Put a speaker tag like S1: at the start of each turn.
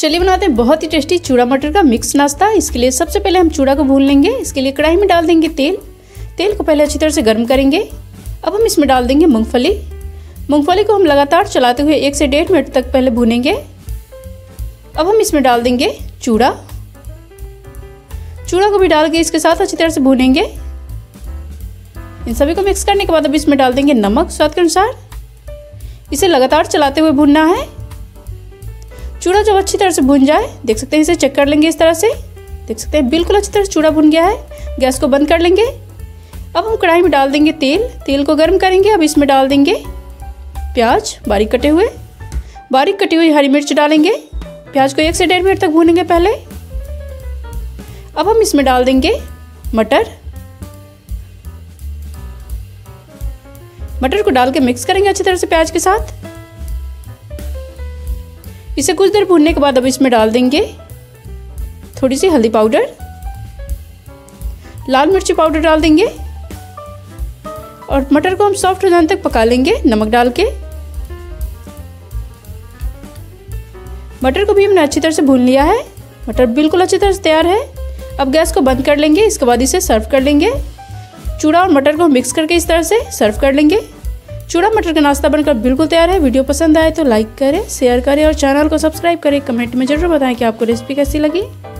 S1: चलिए बनाते हैं बहुत ही टेस्टी चूड़ा मटर का मिक्स नाश्ता इसके लिए सबसे पहले हम चूड़ा को भून लेंगे इसके लिए कढ़ाई में डाल देंगे तेल तेल को पहले अच्छी तरह से गर्म करेंगे अब हम इसमें डाल देंगे मूँगफली मूँगफली को हम लगातार चलाते हुए एक से डेढ़ मिनट तक पहले भूनेंगे अब हम इसमें डाल देंगे चूड़ा चूड़ा को भी डाल के इसके साथ अच्छी तरह से भूनेंगे इन सभी को मिक्स करने के बाद अब इसमें डाल देंगे नमक स्वाद के अनुसार इसे लगातार चलाते हुए भूनना है चूड़ा जब अच्छी तरह से भुन जाए देख सकते हैं इसे चेक कर लेंगे इस तरह से देख सकते हैं बिल्कुल अच्छी तरह से चूड़ा भुन गया है गैस को बंद कर लेंगे अब हम कढ़ाई में डाल देंगे तेल तेल को गर्म करेंगे अब इसमें डाल देंगे प्याज बारीक कटे हुए बारीक कटी हुई हरी मिर्च डालेंगे प्याज को एक से डेढ़ मिनट तक भूनेंगे पहले अब हम इसमें डाल देंगे मटर मटर को डाल के मिक्स करेंगे अच्छी तरह से प्याज के साथ इसे कुछ देर भूनने के बाद अब इसमें डाल देंगे थोड़ी सी हल्दी पाउडर लाल मिर्ची पाउडर डाल देंगे और मटर को हम सॉफ्ट हो जाने तक पका लेंगे नमक डाल के मटर को भी हमने अच्छी तरह से भून लिया है मटर बिल्कुल अच्छी तरह से तैयार है अब गैस को बंद कर लेंगे इसके बाद इसे सर्व कर लेंगे चूड़ा और मटर को मिक्स करके इस तरह से सर्व कर लेंगे चूड़ा मटर का नाश्ता बनकर बिल्कुल तैयार है वीडियो पसंद आए तो लाइक करें शेयर करें और चैनल को सब्सक्राइब करें कमेंट में जरूर बताएं कि आपको रेसिपी कैसी लगी